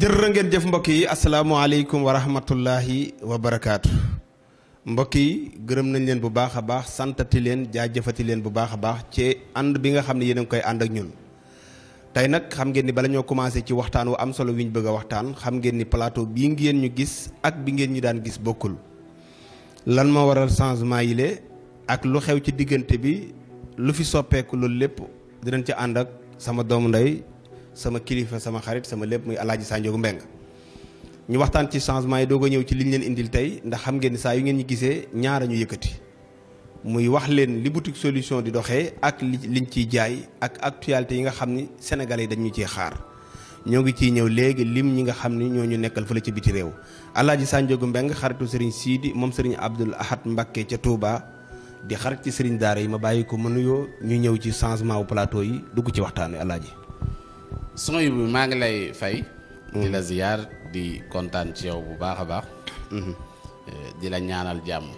jërë ngeen jëf mbokk yi asalaamaaleykum wa rahmatullahi wa barakaatu mbokk yi gërëm nañ leen bu baax a baax santati leen jaajëfati leen bu baax a baax ci ànd bi nga xam ne yéen a ngi koy ànd ak ñun. tey nag xam ngeen ni bala ñoo commencé ci waxtaan wu am solo wi ñu bëgg a waxtaan xam ngeen ni plateau bii ngeen ñu gis ak bi ngeen ñu daan gis bokkul lan moo waral changement yi ak lu xew ci diggante bi lu fi soppeeku loolu lépp dinañ ci ànd ak sama doomu ndey. sama kilifa sama xarit sama lépp muy alaaji Sanjogu Mbeng ñu waxtaan ci changement yi doog ñëw ci liñ leen indil tey ndax xam ngeen ni saa ngeen ñu gisee ñaara ñu yëkkati muy wax leen li boutique solution di doxee ak li liñ ciy jaay ak actualité yi nga xam ni sénégalais yi dañu cee xaar ñoo ngi ciy ñëw léegi lim ñi xam ni ñoo ñu nekkal fële ci biti réew alaaji Sanjogu Mbeng xaritu Serigne Sidi moom Serigne Abdoul Ahad Mbacké ca Touba di xarit ci Serigne Daara yi ma bàyyi ko mu nuyoo ñu ñëw ci changement wu plateau yi dugg ci waxtaan wi alaaji son yu maa ngi lay fay. di la mm-hmm. ziyaar di kontaan ci yow bu baax a baax. Mm-hmm. Eh, di la ñaanal jàmm.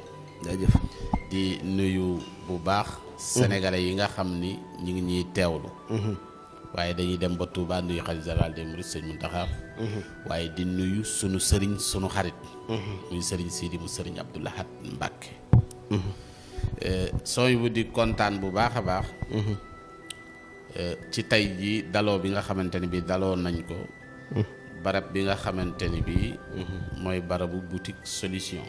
jaajëf di nuyu bu baax. Mm-hmm. sénégalais yi nga xam ni ñu ngi ñuy teewlu. waaye dañuy dem ba Touba nuyu xarit général des Mourides sëñ Mountakha. waaye di nuyu sunu sëriñ sunu xarit. muy sëriñ Sidi mu sëriñ Abdou Lahad Mbacké. Eh, sooy bu di kontaan bu baax a baax. ci tey jii daloo bi nga xamante ni bii daloo nañ ko. barab bi nga xamante ni bii. mooy barabu boutique solution.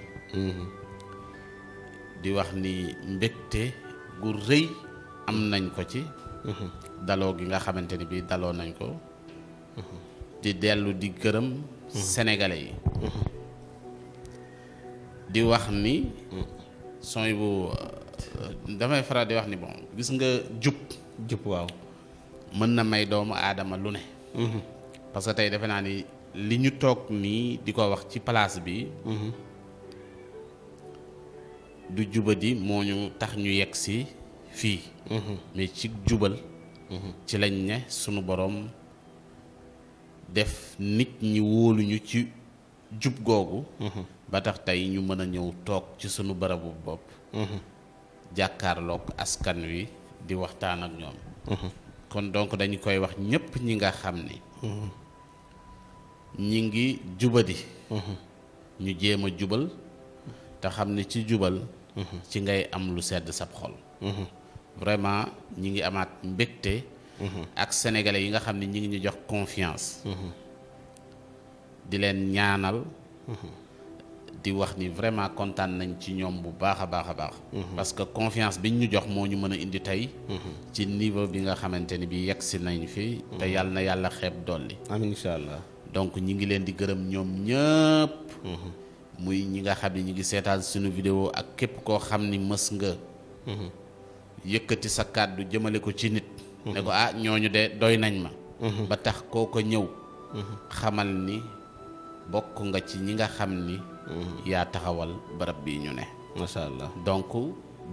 di wax ni mbégte gu rëy am nañ ko ci. daloo gi nga xamante ni bii daloo nañ ko. di dellu di gërëm. sénégalais yi. di wax ni. sooy bu damay faral di wax ni bon gis nga jub. jub waaw. mën na may doomu aadama lu ne. Mhm. parce que tey defe naa ni li ñu toog nii di ko wax ci palaas bi. Mhm. du jubadi moo ñu tax ñu yegg si fii. Mhm. mais ci jubal. ci lañ ne sunu boroom def nit ñi wóoluñu ci jub googu. ba tax tey ñu mën a ñëw toog ci sunu barabu bopp. jàkkaarloog askan wi di waxtaan ak ñoom. kon donc dañu koy wax ñépp ñi nga xam ni ñi ngi jubadi ñu jéem a jubal te xam ni ci jubal ci ngay am lu sedd sab xol vraiment ñi ngi amaat mbégte ak sénégalais yi nga xam ne ñi ngi ñu jox confiance di leen ñaanal di wax ni vraiment kontaan nañ ci ñoom bu baax a baax a baax. Mhm. parce que confiance biñ ñu jox moo ñu mën a indi tey. Mhm. ci niveau bi nga xamante ni bi yegg si nañ fi. Mhm. te yàlla na yàlla xeeb dolli. amiin incha allah donc ñi ngi leen di gërëm ñoom ñëpp. muy ñi nga xam ne ñi ngi seetaan suñu vidéo ak képp koo xam ni mës nga. yëkkati sa kàddu jëmale ko ci nit. ne ko ah ñooñu de doy nañ ma. ba tax koo ko ñëw. xamal ni. bokk nga ci ñi nga xam ni. Mhm. yaa taxawal barab bii ñu ne. macha allah donc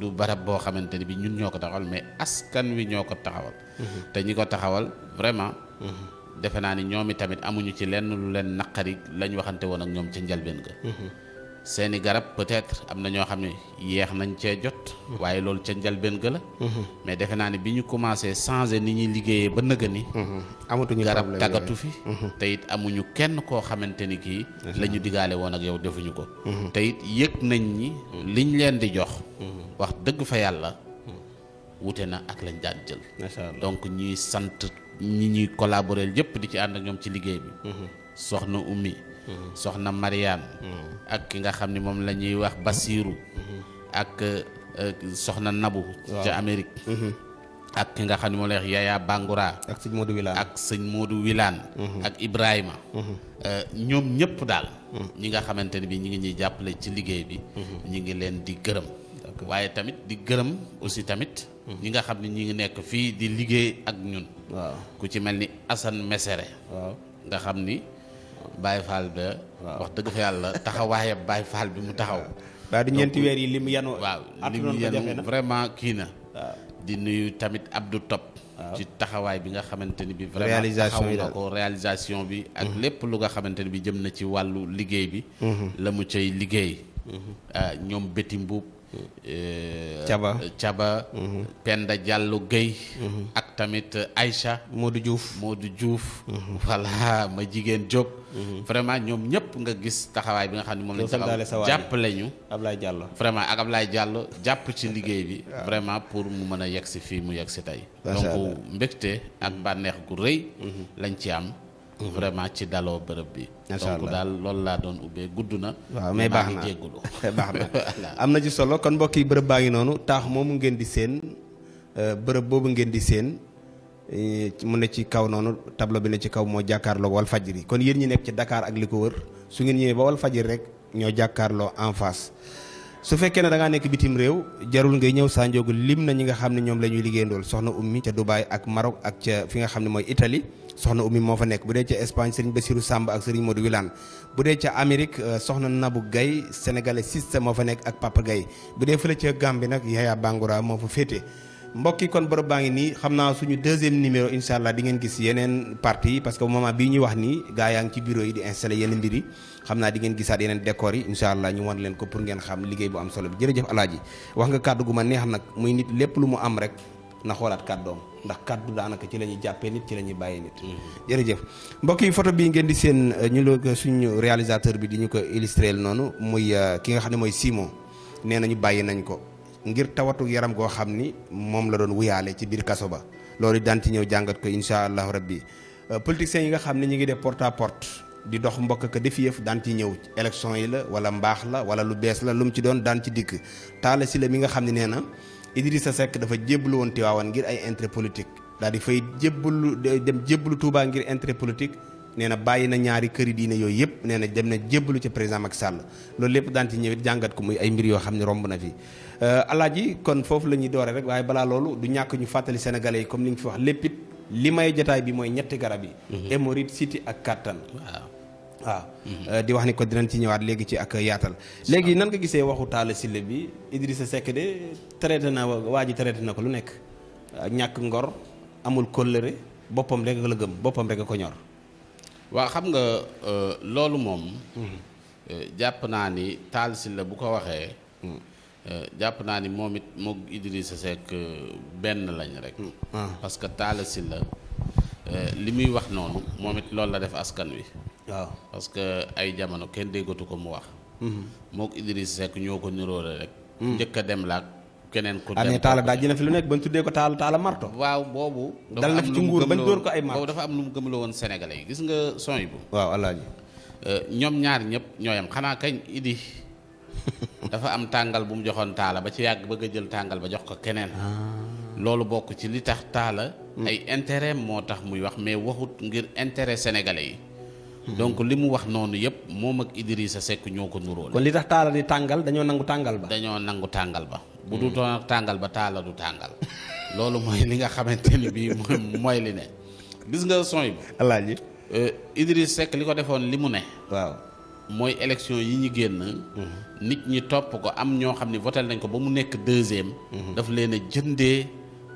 du barab boo xamante ni bi ñun ñoo ko taxawal mais askan wi ñoo ko taxawal. Mhm. te ñi ko taxawal vraiment. Mhm. defe naa ni ñoom itamit amuñu ci lenn lu leen naqari lañ waxante woon ak ñoom ca njëlbeen ga seeni garab peut-être am na ñoo xam ne yéex nañ cee jot. waaye loolu ca njalbeen ga la. Mhm. mais defe naa ne bi ñu commencé changé ni ñuy liggéeyee ba nëgë ni. Mhm. amatuñu garab tàggatu fi. te it amuñu kenn koo xamante ni kii. la ñu digaale woon ak yow defuñu ko. Mhm. te it yëg nañ ñi liñ leen di jox. wax dëgg fa yàlla. wute na ak lañ daan jël. donc ñuy sant ñi ñuy collaborer yëpp di ci ànd ak ñoom ci liggéey bi. soxna Oumy. soxna Mariam. Mm-hmm. ak ki nga xam ne moom la ñuy wax Basiiru mm-hmm. ak euh, soxna Nabu ca Amérique mm-hmm. ak ki nga xam ne moom la wax Yaya Bangoura ak sëñ Modou Wilane ak ak Ibrahima euh, ñoom ñëpp daal ñi nga xamante ne bi ñi ngi ñuy jàppale ci liggéey bi ñu ngi leen di gërëm waaye tamit di gërëm aussi tamit ñi nga xam ne ñu ngi nekk fii di liggéey ak ñun waaw ku ci mel ni Assane Mesere nga xam ni Baye Fall de wax dëgg fa yàlla taxawaayam Baye Fall bi mu taxaw. daal di ñeenti weer yi lim yanu. waaw lim yanu vraiment kii na. di nuy tamit Abdou Top. ci taxawaay bi nga xamante ni bi vraiment taxaw nga ko réalisation bi ak mhm. lépp lu nga xamante ni bi jëm na ci wàllu liggéey bi mhm. la mu cay liggéey mhm. ah, ñoom béti mbuub Caba eh, Caba. Mm-hmm. Penda Diallo Guèye. Mm-hmm. ak tamit Aïcha. Modou Diouf Modou juuf mm-hmm. voilà ma jigéen Diop. vraiment ñoom ñëpp nga gis taxawaay bi nga xam ne moom lañ. taxaw jàppale ñu. Ablaye Diallo vraiment ak Ablaye Diallo jàpp ci liggéey bi. vraiment pour mu mën a yegg si fii mu yegg si tey. donc mbégte ak bànneex gu rëy. lañ ci am. Mm-hmm. vraiment ci daloo bërëb bi. donc daal loolu laa doon ubbee gudd na. waaw mais baax na baax am na ci solo kon mbokk yi bërëb baa ngi noonu taax moom ngeen di seen euh, bërëb boobu ngeen di seen eh, mu ne ci kaw noonu tableau bi ne ci kaw moo jàkkaarloo wal fajri kon yéen ñi nekk ci Dakar ak li ko wër su ngeen ñëwee ba wal fajri rek ñoo jàkkaarloo en face. su fekkee ne da nekk bitim réew jarul ngay ñëw Sandiogou lim na ñi nga xam ne ñoom la ñuy liggéeyandool soxna ummi ca Dubaay ak Maroc ak ca fi nga xam ne mooy itali soxna ummi moo fa nekk bu dee ca Espagne Serigne Bassirou Samb ak Serigne Modou Wilane bu dee ca Amérique euh, soxna nabu gay sénégalais Sista moo fa nekk ak Papa Gaye bu dee fële ca Gambie nag Yaya Bangoura moo fa féete mbokki kon bërëb baa ngi nii xam naa suñu deuxième numéro incha allah di ngeen gis yeneen parties yi parce que moment bii ñuy wax nii gaa yaa ngi ci bureau yi di installé yeneen mbir yi xam naa di ngeen gisaat yeneen décor yi incha allah ñu wan leen ko pour ngeen xam liggéey bu am solo bi jërëjëf alaaji wax nga kàddu gu ma neex nag muy nit lépp lu mu am rek na xoolaat kàddoom ndax kàddu daanaka ci la ñuy jàppee nit ci la ñuy bàyyee nit. Mm-hmm. jërëjëf mbokk yi photo bii ngeen di seen euh, ñu la suñu réalisateur bi di ñu ko illustré noonu muy euh, ki nga xam ne mooy Simon nee nañu bàyyi nañ ko ngir tawatu yaram goo xam ni moom la doon wuyaale ci biir kaso ba loolu daan ci ñëw jàngat ko incha allahu rabbi euh, politiciens yi nga xam ne ñu ngi def porta à porte di dox mbokk ka def yëf daan ci ñëw élection yi la wala mbaax la wala lu bees la lu mu ci doon daan ci dikk taala si la mi nga xam ne nee na sa Seck dafa jébbalu woon Tiwaawan ngir ay intérêt politique daal di fay lu dem jébbalu Touba ngir intérêt politique nee na bàyyi na ñaari këri diine yooyu yëpp nee na dem na jébbalu ci président Macky Sall loolu lépp daan ci ñëwit jàngat ko muy ay mbir yoo xam ne romb na fi euh, ji kon foofu la ñuy doore rek waaye balaa loolu du ñàkk ñu fàttali sénégalais yi comme ni nga fi wax léppit li may jotaay bi mooy ñetti garab yi mhm. hémorroïde siti ak kàttan waaw waaw mhm. euh, di wax ni ko dinañ ci ñëwaat léegi ci ak yaatal léegi nan nga gisee waxu Talla Sylla bi Idrissa Seck de traité na waa ji traité na ko lu nekk ñàkk ngor amul kóllëre boppam rek la gëm boppam rek ko ñor waa xam nga euh, loolu moom. Hmm. Euh, jàpp naa ni Tall Sylla bu ko waxee. Hmm. Euh, jàpp naa ni moom it moog Idrissa Seck benn lañ rek. Hmm. Ah. parce que Tall Sylla li muy wax noonu moom it loolu la def askan wi. waaw parce que ay jamono kenn déggatu ko mu wax. moog Idrissa Seck ñoo ko niróole rek. njëkk a dem laak keneen ku dem amee taala daaj na fi lu nekk ba ñu tuddee ko taala taala marto. waaw boobu. dal na ko ay marto dafa am lu mu gëmloo woon sénégalais yi nga son bu. waaw euh, ñoom ñaar ñëpp ñoo yam xanaa kañ idi dafa am tàngal bu mu joxoon taala ba ci yàgg bëgg a jël tàngal ba jox ko keneen. Ah. loolu bokk ci li tax taala. Hmm. ay intérêt moo tax muy wax mais waxut ngir intérêt sénégalais yi. Hmm. donc li mu wax noonu yëpp moom ak Idrissa Seck ñoo ko nuróole. kon li tax taala di tàngal dañoo nangu tàngal ba. dañoo nangu tàngal ba bu du tàngal ba taala du tàngal loolu mooy li nga xamante ni bii mooy li ne gis nga son yi alaaji euh, Idriss Seck li ko defoon li mu ne waaw mooy élection yi ñu génn mhm. nit ñi topp ko am ñoo xam ne voté nañ ko ba mu nekk deuxième mhm. daf leen a jëndee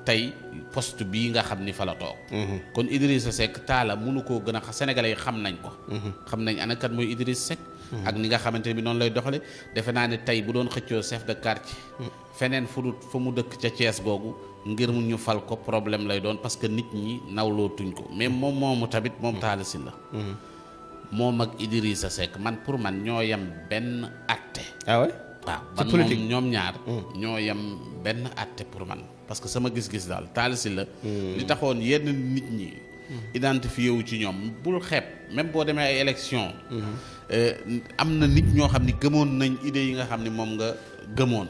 tey poste bii nga xam ni fa la toog. Mhm. kon Idrissa Seck taala mënu koo gën a sénégalais yi xam nañ ko. Mhm. xam nañ ana kat mooy Idrissa Seck. Mhm. ak ni nga xamante ne bi noonu lay doxale defe naa ne tey bu doon xëccoo chef de quartier. feneen fu dul fa mu dëkk ca Thiès googu ngir mu ñu fal ko problème lay doon parce que nit ñi nawlootuñ ko mais moom moomu tamit moom Talla Sylla la. moom ak Idrissa Seck man pour man ñoo yem benn atte. Ah waaw man moom ñoom ñaar. ñoo yem benn atte pour man. parce que sama gis-gis daal Talla Sylla la. Hmm. li taxoon yenn nit ñi. Hmm. identifié wu ci ñoom bul xeeb même boo demee ay élection hmm. euh, am na nit ñoo xam ni gëmoon nañ idées yi nga xam ni moom nga gëmoon.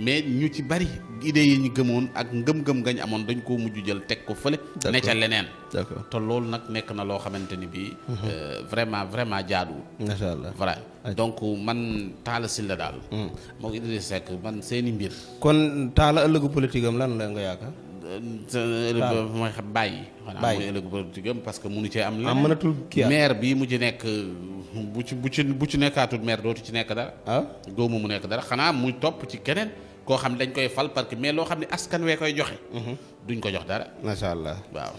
mais ñu ci bari idées yi ñu gëmoon ak ngëm-ngëm gañ amoon dañ koo mujj jël teg ko fële. ne ca leneen. te loolu nag nekk na loo xamante ni bii. Mhm. Euh, vraiment vraiment jaaduwul. macha allah voilà donc man Talla Sylla daal. Mhm. moo Idrissa Seck man seeni mbir. kon Talla ëllëgu politique am lan la nga yaakaar. Euh, euh, mooy xam bàyyi xanaa mooy ëllëgu politique am parce que munu cee am la mënatul kii maire bi mu ci nekk bu ci bu ci bu ci nekkaatul maire dootu ci nekk dara ah góomu mu nekk dara xanaa muy topp ci keneen koo xam ne dañ koy fal parce que mais loo xam ne askan wee koy joxe. Mhm. duñ ko jox dara. macha allah waaw.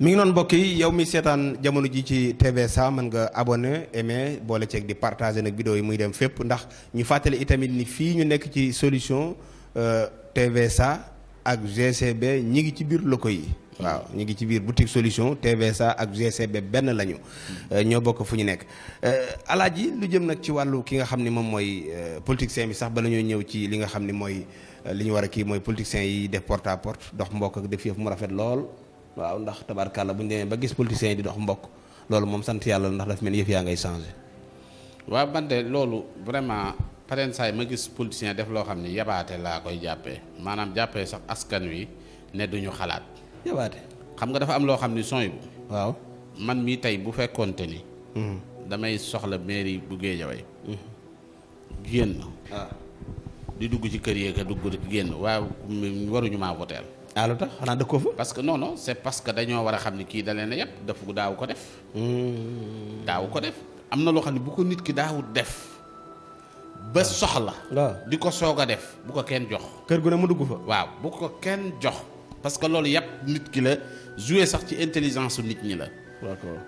mi ngi noonu mbokk yi yow mi seetaan jamono ji ci TVSA man nga abonné aimé boole ceeg di partagé nag vidéo yi muy dem fépp ndax ñu fàttali itamit ni fii ñu nekk ci solution euh, TVSA ak GCB ñi ngi ci biir loko yi. waaw ñu ngi ci biir boutique solution TVSA ak GCB benn lañu. Euh, ñoo bokk fu ñu nekk. alaaj euh, alaaji lu jëm nag ci wàllu ki nga xam ni moom mooy euh, politicien bi sax bala ñoo ñëw ci li nga xam ni mooy li ñu war a kii mooy politicien yi def porte à porte dox mbokk ak def yëf mu rafet lool. waaw ndax tabarkàlla bu ñu demee ba gis politicien yi di dox mbokk loolu moom sant yàlla ndax daf mel ni yëf yaa ngay changé. waaw man loolu vraiment pareen saa yi ma gis politicien def loo xam ni yabaate laa koy jàppee maanaam jàppee sax askan wi ne duñu xalaat. yabaate xam nga dafa am loo xam ni son bu waaw man mii tey bu fekkoonte ni hmm. damay soxla mairie bu Géejawaay hmm. génn ah. di dugg ci kër yee ka dugg génn waaw waruñu maa voteel ah lu tax xanaa dëkkoo fa. parce que non non est parce que dañoo war a xam ni kii da leen a yëpp daf daaw ko def. Hmm. daaw ko def am na loo xam ne bu ko nit ki daawut def. ba ah. soxla. Ah. di ko soog a def bu ko kenn jox. kër gu ne mu dugg fa. waaw bu ko kenn jox. parce que loolu yàpp nit ki la jouer sax ci intelligence su nit ñi la.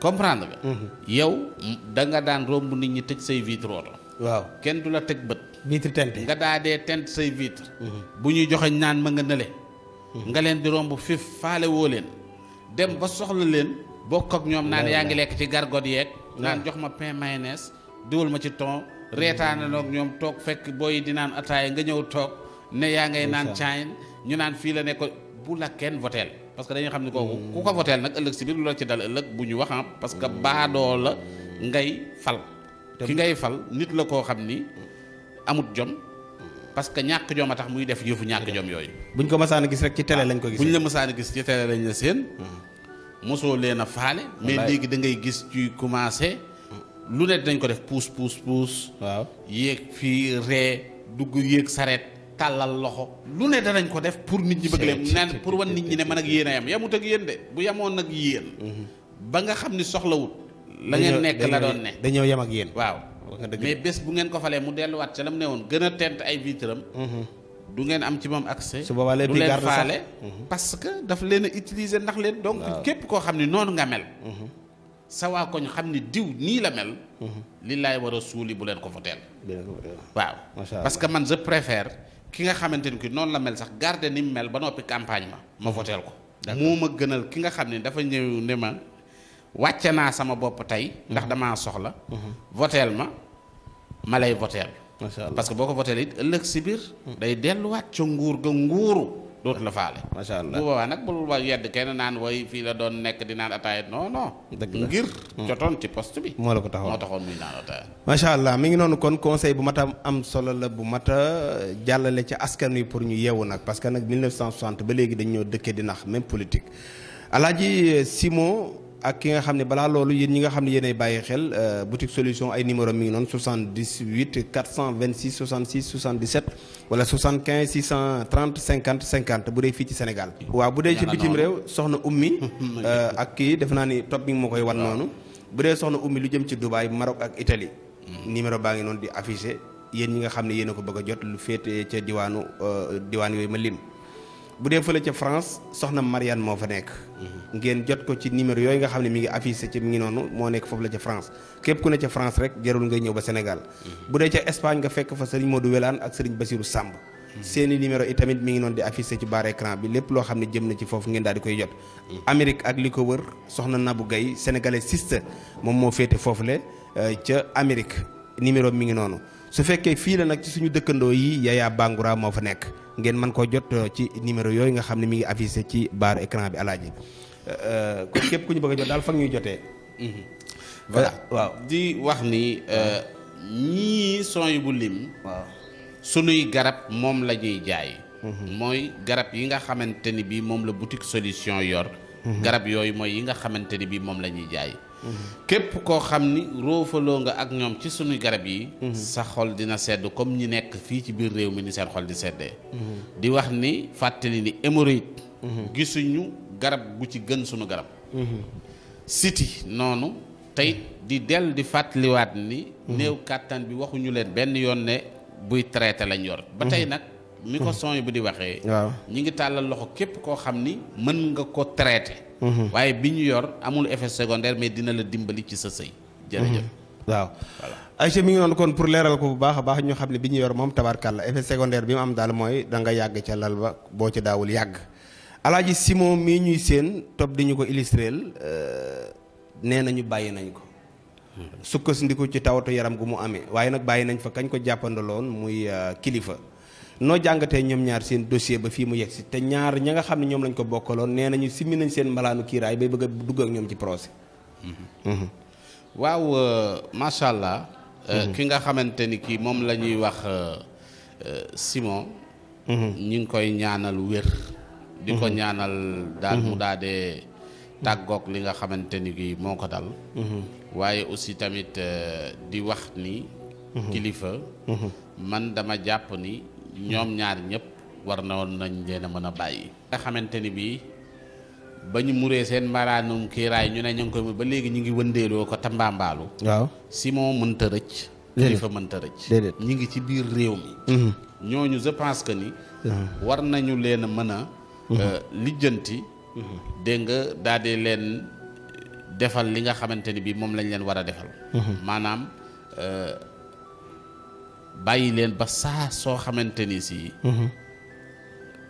comprendre nga. Mhm. yow da nga daan romb nit ñi tëj say vitre oto. waaw kenn du la teg bët. vitre tente nga daa dee tent say vitre. Mhm. bu ñuy joxe naan ma nga nële. Mhm. nga leen di romb fif faale leen. dem ba soxla leen. bokk ak ñoom naan yaa ngi lekk ci gargot yeeg. naan jox ma pain mayonnaise. diwul ma ci ton reetaanaloo ak ñoom toog fekk booy di naan ataaya nga ñëw toog. ne yaa ngay naan caayin ñu naan fii la nekk bu la kenn voteel parce que dañuy xam ni kooku ku ko voteel nag ëllëg si biir lu la ci dal ëllëg bu ñu waxam parce que baadoo la ngay fal ki ngay fal nit la koo xam ni amut jom parce que ñàkk jom a tax muy def yëfu ñàkk jom yooyu buñ ko mësaan a gis rek ci télé lañ ko gis buñ la mësaan a gis ci télé lañ la seen mm-hmm. mosoo leen a faale mais léegi da ngay gis ci commencé lu ne dañ ko def puus puus puus waaw yéeg fii ree dugg yéeg sareet tàllal loxo lu ne danañ ko def pour nit ñi bëgg leen naan pour wan nit ñi ne man ak yéen a yam yamut ak yéen de bu yamoon ak yéen mhm. ba nga xam ni soxlawut la ngeen nekk la doon ne dañoo yam ak yéen waaw mais bés bu ngeen ko falee mu delluwaat ca lam ne woon gën a tent ay vitram mhm. du ngeen am ci moom accès su boobaa du leen faale mhm. parce daf leen a utiliser ndax leen donc képp koo xam ne noonu nga mel sa xam ni diw nii la mel lillaay war a suuli bu leen ko fa ki nga xamante ni ki noonu la mel sax garde ni mu mel ba noppi campagne ma ma voteel ko moo ma gënal ki nga xam ne dafa ñëw ne ma wàcce naa sama bopp tey ndax mm-hmm. damaa soxla mm-hmm. votel ma ma lay voteel parce que boo ko voteel it ëllëg si biir mm. day delluwaat ca nguur ga nguuru dootu la faale. macha allah bu boobaa nag bul wa yedd kenn naan way fii la doon nekk di naan ataaya non ngir jotoon hmm. ci poste bi. moo la ko taxoon moo taxoon muy naan ataaya. macha allah mi ngi noonu kon conseil bu mat a am solo la bu mat a jàllale ci askan wi pour ñu yeewu nag parce que nag 1960 ba léegi dañu ñoo dëkkee di nax même politique Alaaji Simon. ak ki nga xam ne balaa loolu yéen ñi nga xam ne yéenay bàyyi xel euh, boutique solution ay numéro mi ngi noonu 78 426 66 77 wala 75 630 50 50 bu dee fii ci Sénégal. waaw bu dee ci bitim réew soxna ummi euh, ak kii def naa ni topp mi moo koy wan noonu. bu dee soxna ummi lu jëm ci Dubaay Maroc ak Italie. Hmm. numéro baa ngi noonu di affiché yéen ñi nga xam ne yéen a ko bëgg a jot lu féete ca diwaanu euh, diwaan yooyu ma lim. bu dee fële ca France soxna Marianne moo fa nekk. Mhm. ngeen jot ko ci numéro yooyu nga xam ne mi ngi affiché ci mi ngi noonu moo nekk foofu la ca France képp ku ne ca France rek jarul ngay ñëw ba Sénégal. Mhm. bu dee ca Espagne nga fekk fa Serigne Modou Welaan ak Serigne Bassirou Samb. Mhm. seeni numéro yi tamit mi ngi noonu di affiché ci barre écran bi lépp loo xam ne jëm na ci foofu ngeen daal di koy jot. Amérique ak li ko wër soxna Nabou gay sénégalais siste moom moo féete foofule euh, ca Amérique numéro mi ngi noonu su fekkee fii la nag ci suñu dëkkandoo yi Yaya Bangoura moo fa nekk. ngeen mën koo jot euh, ci numéro yooyu nga xam ne mi ngi affiché ci baaru écran bi alaaji euh, kon képp ku ñu bëgg a jot daal fag ñuy jotee. Mhm. voilà waaw di wax ni euh, ñii son bu lim. waaw sunuy garab moom la ñuy jaay. Mhm. mooy garab yi nga xamante ni bii moom la boutique solution yor. Mhm. garab yooyu mooy yi nga xamante ni bii moom la ñuy jaay. képp koo xam ni roofaloo nga ak ñoom ci suñu garab yi mhm. sa xol dina sedd comme ñi nekk fii ci biir réew mi ni seen xol di seddee mhm. di wax ni fàttali ni hémorroïde mhm. gisuñu garab gu ci gën suñu garab siti noonu tey di dell di fàttaliwaat ni néew kàttan bi waxuñu leen benn yoon ne buy traité lañ yor ba tey nag mi ko son yi bu di waxee ñi ngi tàllal loxo képp koo xam ni mën nga ko traité Mm-hmm. waaye bi ñu yor amul effet secondaire mais dina la dimbali ci sa sëy jërëjëf mm-hmm. waaw Aïcha mi ngi noonu kon pour leeral ko bu baax a baax ñu xam ne bi ñu yor moom tabarkàlla effet secondaire bi mu am daal mooy da nga yàgg ca lal ba boo ca daawul yàgg alaaji Simon mii ñuy séen topp di ñu ko illustréel euh, nee nañu bàyyi nañ ko mm-hmm. sukkandiku ci tawatu yaram gu mu amee waaye nag bàyyi nañ fa kañ ko jàppandaloon muy euh, kilifa noo jàngatee ñoom ñaar seen dossier ba fii mu yegg si te ñaar ña nga xam ne ñoom lañ ko bokkaloon nee nañu simmi nañ seen mbalaanu kiiraay bay bëgga a dugg ak ñoom ci procès. Mhm. waaw euh, macha allah. Euh, mhm. ki nga xamante ni kii moom la ñuy wax euh, Simon. Mhm. ñi ngi koy ñaanal wér. ko ñaanal daal mu daal li nga xamante ni kii moo ko dal. waaye aussi tamit di wax ni. kilifa. man dama jàpp ni. ñoom ñaar ñëpp war na woon nañ leen a mën a bàyyi. nga xamante ni bii ba ñu muree seen maraanum kiiraay ñu ne ñu ngi koy ba léegi ñu ngi wëndeeloo ko tambaambaalu. waaw Simon mënta rëcc. déedéet fa mënta rëcc. déedéet ñu ngi ci biir réew mi. Mm-hmm. ñooñu je pense que ni. Mm-hmm. war nañu leen a mën a. Mm-hmm. Euh, lijjanti. dégg nga daal di leen defal li nga xamante ni bii moom lañ leen war a defal. maanaam. Euh, bàyyi leen ba saa soo xamante ni si. Mm-hmm.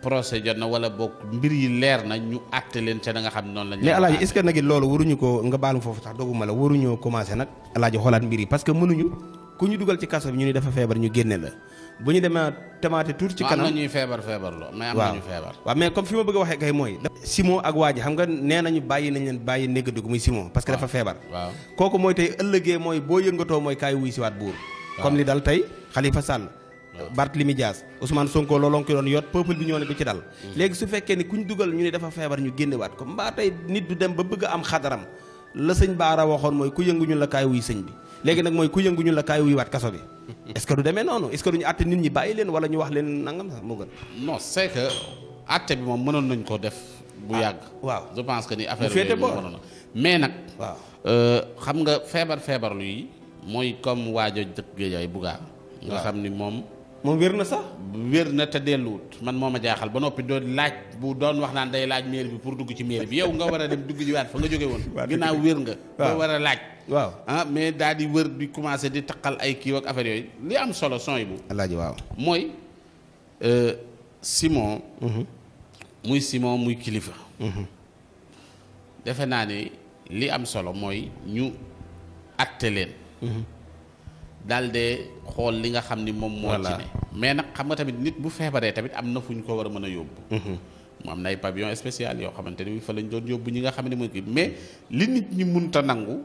procès jot na wala boog mbir yi leer na ñu àtte leen ca da xam noonu la. mais alaaji est-ce que nag loolu waruñu ko nga baalu foofu sax doguma la waruñoo commencé nag alaaji xoolaat mbir yi parce que mënuñu ku ñu dugal ci kaso bi ñu ni dafa feebar ñu génne la bu ñu demee temaate tuur ci kanam am na ñuy feebar feebar loo mais am na ñu feebar waaw mais comme fi ma bëgg a waxee kay mooy Simon ak waa ji xam nga nee nañu nañ parce que dafa feebar waaw kooku mooy boo yëngatoo mooy kaay wuy siwaat buur comme li dal tey Khalifa Sall Barthélemy Dias Ousmane Sonko looloo ngi ko doon yoot peuple bi ñoo ne du ci dal léegi su fekkee ni kuñ dugal ñu ne dafa feebar ñu génnewaat ko mbaa tey nit du dem ba bëgg a am xadaram la sëñ Baara waxoon mooy ku yëngu ñu la kaay wuy sëñ bi léegi nag mooy ku yëngu ñu la kaay wuy waat kaso bi est-ce que du demee noonu est-ce que àtte nit ñi bàyyi leen wala ñu wax leen nangam sax moo gën non bi moom mënoon nañ ko def bu ah, yàgg waaw je pense que ni affaire bi mënoon na mais nag waaw euh, xam nga feebar feebar yi mooy comme waajo dëkk yooyu buggaa nga xam ni moom moom wér na sax wér na te delluwut man moo ma jaaxal ba noppi doo laaj bu doon wax naan day laaj mairie bi pour dugg ci mairie bi yow nga war a dem dugg ji waat fa nga jóge woon ginnaaw wér nga doo war a laaj waaw ah, mais daal di wër di commencé di taqal ay kii ak affaire yooyu li am solo son bu alaaji waaw mooy euh, Simon mm-hmm. muy Simon muy kilifa mm-hmm. defe naa ni li am solo mooy ñu atte leen daal de xool li nga xam ni moom moo ci ne mais nag xam nga tamit nit bu feebaree tamit am na fu ñu ko war a mën a yóbbu mhm. mu am na ay pavillon spécial yoo xamante ni fa lañ doon yóbbu ñi nga xam ne mooy kii mais li nit ñi mun ta nangu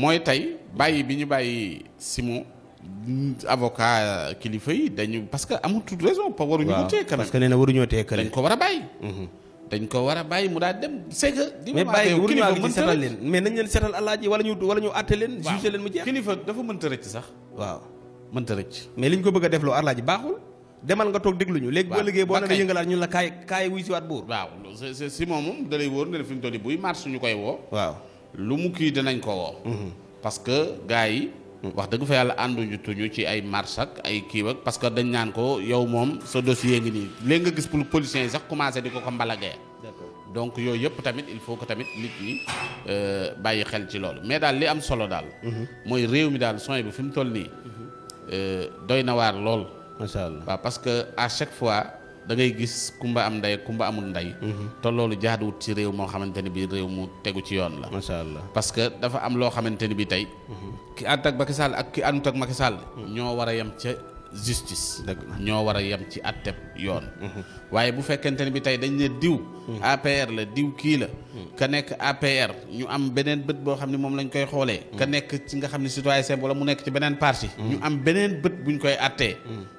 mooy tey bàyyi bi ñu bàyyi Simon avocat kilifa yi dañu parce que amatul raison pa waruñu ko téye parce que nee na waruñoo téye lañ ko war a bàyyi mhm. dañ ko war a bàyyi mu daal dem c'est que. di mais bàyyi wut ñu àgg ci setal leen mais nañ leen setal alaaji wala ñu wala ñu àtte leen. waaw leen mu jeex kilifa dafa mënta rëcc sax. waaw mënta rëcc. mais li ñu ko bëgg a defloo alaaji baaxul. demal nga toog déglu léegi boo liggéey boo nar a yëngalaat ñu la kaay kaay wuy si waat buur. waaw si moom moom dalay wóor ne fi mu toll buy marche ñu koy woo. waaw lu mu kii ko woo. Mhm. parce que yi wax dëgg fa yàlla ànduñu tuñu ci ay marche ak ay kii ak dañ naan ko yow moom sa dossier ngi nii léegi nga gis pour yi sax commencé di ko ko mbalagee. donc yooyu yëpp tamit il faut que tamit nit ñi euh, bàyyi xel ci loolu mais daal li am solo daal. Mhm. mooy réew mi daal soin bi fi mu toll nii. Mhm. Euh, doy na waar lool. macha allah à chaque fois. da ngay gis kumba am ndey kumba amul ndey mm-hmm. te loolu jaaduwut ci réew moo xamante ni bi réew mu tegu ci yoon la macha allah parce que dafa am loo xamante ni bi tey mm-hmm. ki ànd ak Macky Sall ak ki àndut ak Macky Sall mm-hmm. ñoo war a yem ca justice. ñoo war a yem ci àtteb yoon. waaye bu fekkente ne bi tey dañ ne diw. APR la diw kii la. ka nekk APR ñu am beneen bët boo xam ne moom lañ koy xoolee. ka nekk ci nga xam ne citoyen simple wala mu nekk ci beneen parti. ñu am beneen bët buñ koy àttee.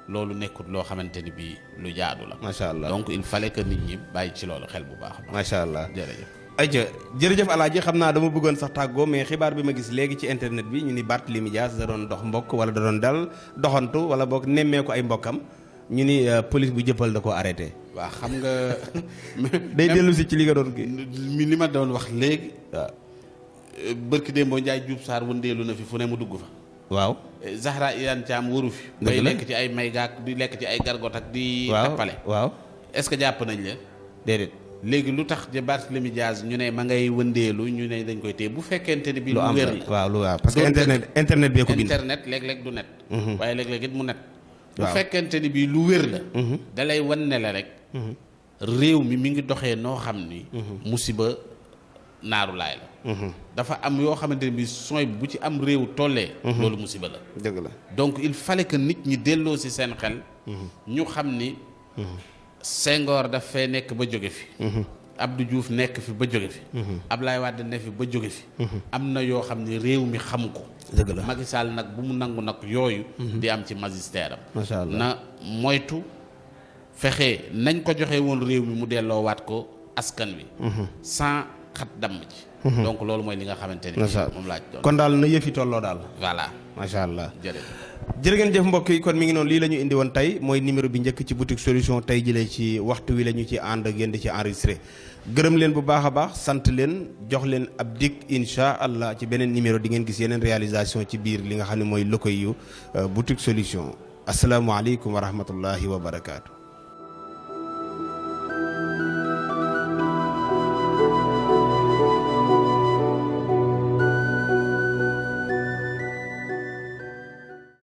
loolu nekkut loo xamante ni bii lu jaadu la. macha allah donc il fale que nit ñi bàyyi ci loolu xel bu baax. macha allah jërëjëf. ayca jërëjëf alaaji xam naa dama bëggoon sax tàggoo mais xibaar bi ma gis léegi ci internet bi ñu ni Barthélémy Dias da doon dox mbokk wala da doon dal doxantu wala boog nemmee ko ay mbokkam ñu ni euh, police bu jëppal da ko arrêté waa xam nga day dellu si ci li nga doon kii mi li ma doon wax léegi waaw euh, bërki démboo Njaay Juub Saar wëndeelu na fi fu ne mu dugg fa waaw euh, Zahra Iyane Thiam waru fi bay lekk ci ay may gaak di lekk ci ay gargot ak di tappale waaw est-ce que jàpp nañ leen léegi lu tax Barthélemy Diaz ñu ne ma ngay wëndeelu ñu ne dañ koy téye bu fekkente ne bi lu wér la waaw lu waaw parce que internet internet bee ko bind internet léeg-léeg du net mhm. waaye léeg-léeg it mu net bu fekkente ni bi lu wér la mhm. da lay wan ne la rek mhm. réew mi mi ngi doxee noo xam ni musiba naaru la dafa am yoo xamante ne bi sooy bu ci am réew tollee loolu musiba la dëgg la donc il fallait que nit ñi delloo si seen xel ñu xam ni Senghor daf fee nekk ba jóge fi mhm. Abdou Diouf nekk fi ba jóge fi mhm. Ablaye Wade ne fi ba jóge fi mhm. am na yoo xam ne réew mi xam ko dëgg la Macky Sall nag bu mu nangu nag yooyu di am ci magistère am macha na moytu fexe nañ ko joxe woon réew mi mu delloowaat ko askan wi sans xat damm ji. Mhm. donc loolu mooy li nga xamante ni ne. moom laaj kon daal na yëfi tolloo daal. voilà macha allah jërëjëf. jërë ngeen jëf mbokk yi kon mi ngi noon lii la ñu indi woon tey mooy numéro bi njëkk ci boutique solution tey jëlee ci waxtu wi la ñu ci ànd ak yéen di ci enregistré gërëm leen bu baax a baax sant leen jox leen ab dig incha allah ci beneen numéro di ngeen gis yeneen réalisation ci biir li nga xam ne mooy lëkkoy yu euh, boutique solution asalaamaaleykum wa rahmatullahi wa barakaatu.